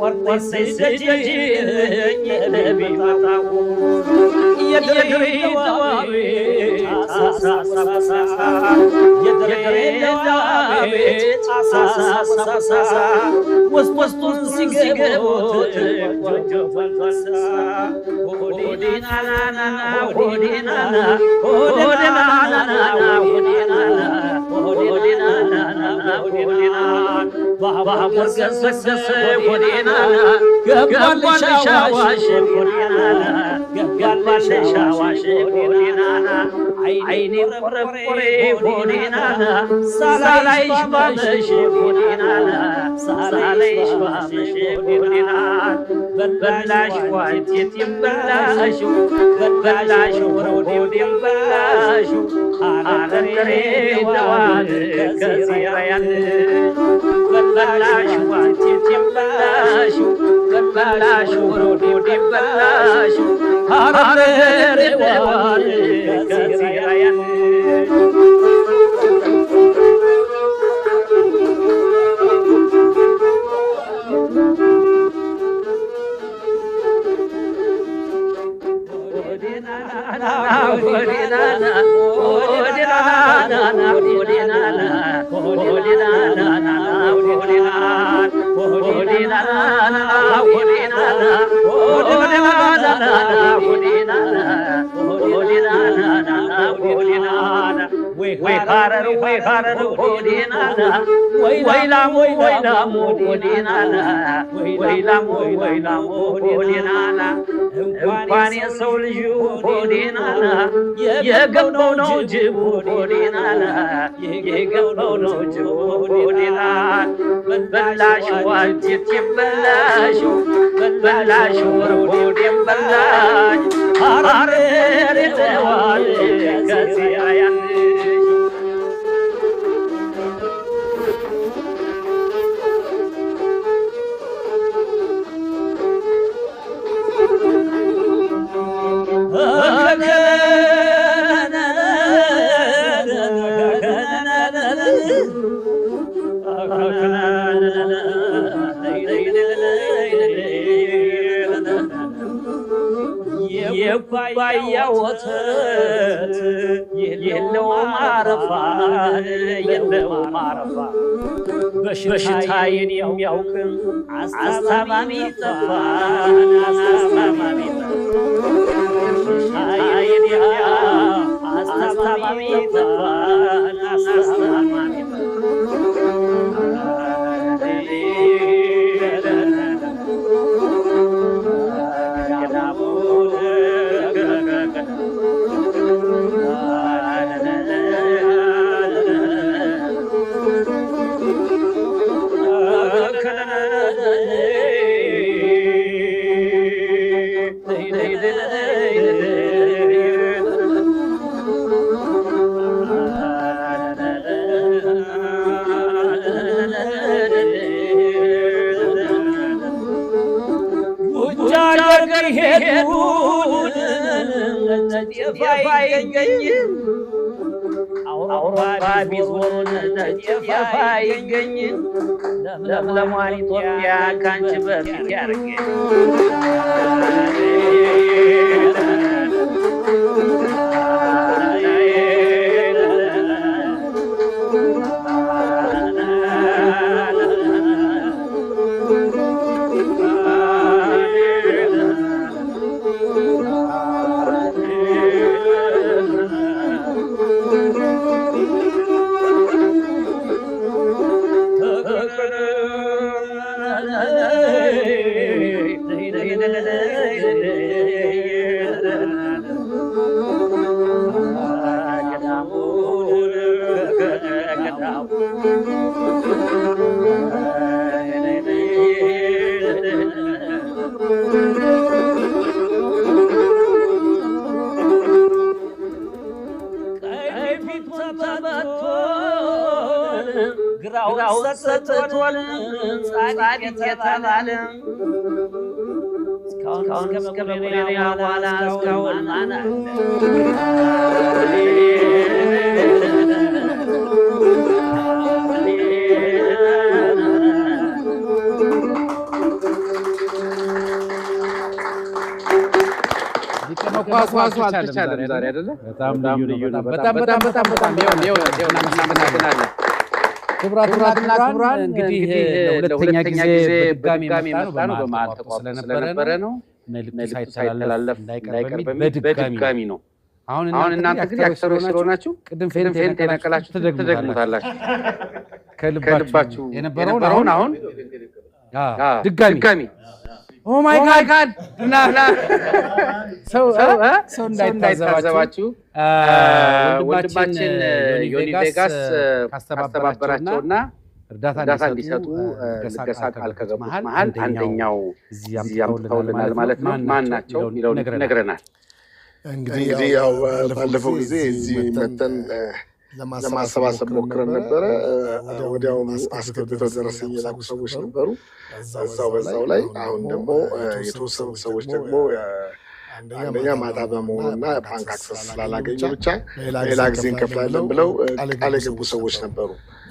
ቆርጠሽ ስደጂኝ ለቢመጣው የድሬዳዋ ቤት አሳሳሳ ባቡር ገሰገሰ ጎዴናና ገባልሽ አዋሽ ጎዴናና አዋሽ ጎዴናና አይኔ ቆረቆሬ ጎዴናና ሳላይሽ ባመሽ ጎዴናና ሳላይሽ ባመሽ ጎዴናና በላሽ ዋይቴት ይበላሽ በላሽ ወሮዴ ይበላሽ አረሬ ደዋል ከዚያ ያለ በላሹ አንቺ በላሹ በላሹ ሮዴ በላሹ ሀረሬ ዋል ከዚህ ያያል farar hodina la waila mo waila mo hodina la waila mo waila mo hodina la እንኳን የሰው ልጅ ሆዴና ላ የገባው ነው ጅብ ሆዴና ላ የገባው ነው ጅብ ሆዴና በላሽ ዋጅት በላሽ በላሽ ወር ሆዴን በላሽ ሐረር የተዋል ከዚያ ያንን ኩባያ ወተት የለው ማረፋ የለው ማረፋ በሽታዬን የሚያውቅም አስታማሚ ጠፋ አስታማሚ ጠፋ ሽታዬን የሚያውቅ አስታማሚ ጠፋ ሀገር ሄዱን አውሮፓ ቢዞን ነጤፍ አይገኝም ለምለሟን ኢትዮጵያ ካንቺ በፊት ያርገኝ Grouse, that's what I'm እስከ መቁሪያ በኋላ እስካሁን ማን ኳስ አልተቻለም ዛሬ አይደለ? በጣም ልዩ ልዩ ነው። በጣም በጣም በጣም በጣም ይኸውልህ ይኸውልህ እናመሰግናለን። ክቡራትና ክቡራን እንግዲህ ለሁለተኛ ጊዜ በድጋሚ የመጣ ነው በመሀል ተቋርጦ ስለነበረ ነው። መልዕክት ሳይተላለፍ እንዳይቀር በድጋሚ ነው። አሁን እናንተ ግን ያክሰሮች ስለሆናችሁ ቅድም ፌንት የነቀላችሁ ትደግሙታላችሁ። ከልባችሁ የነበረውን አሁን ድጋሚ ኦማይ ጋድ ና ና ሰው ሰው እንዳይታዘባችሁ uh, uh, ወንድማችን uh, ዮኒ ቬጋስ ካስተባበራቸውና እርዳታ እንዲሰጡ ልገሳ ቃል ከገቡት መሀል አንደኛው እዚህ አምጥተውልናል ማለት ነው። ማን ናቸው የሚለውን ይነግረናል። እንግዲህ ያው ባለፈው ጊዜ እዚህ መተን ለማሰባሰብ ሞክረን ነበረ። ወዲያውኑ አስገብተው ደረሰኝ የላኩ ሰዎች ነበሩ እዛው በዛው ላይ። አሁን ደግሞ የተወሰኑ ሰዎች ደግሞ አንደኛ ማታ በመሆኑና ባንክ አክሰስ ስላላገኙ ብቻ ሌላ ጊዜ እንከፍላለን ብለው ቃል የገቡ ሰዎች ነበሩ።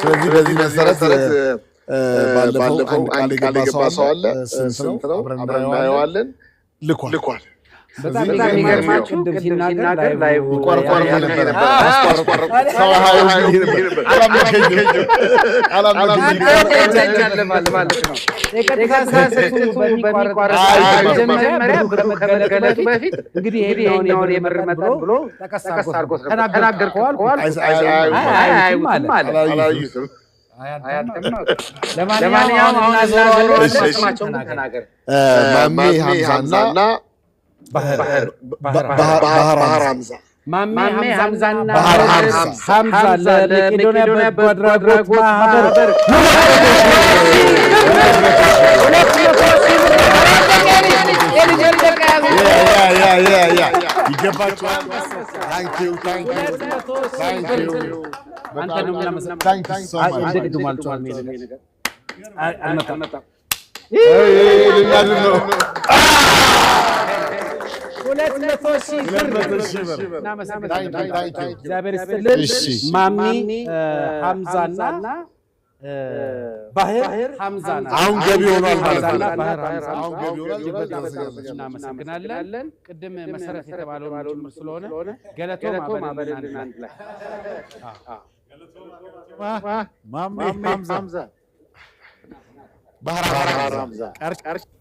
ስለዚህ በዚህ መሰረት ባለፈው አንድ ቃል የገባ ሰው አለ። ስንት ነው? አብረን እናየዋለን። ልኳል ልኳል በጣም የሚገርማችሁ ቅድም ለማንኛውም አሁን ተናገር ማሜ ሀምሳና ባህር ሐምዛ ማሜ ሐምዛና ሐምዛ ለመቄዶንያ በጎ አድራጎት ማህበር ይገባቸዋል። ታንኪው እግዚአብሔር ይስጥልን። ማሚ ሀምዛና ባህር ሀምዛ አሁን ገቢ ሆኗል ማለት ነው። እናመሰግናለን። ቅድም መሰረት የተባለው ጭምር ስለሆነ ገለቶ ማበልና ባህር ሀምዛ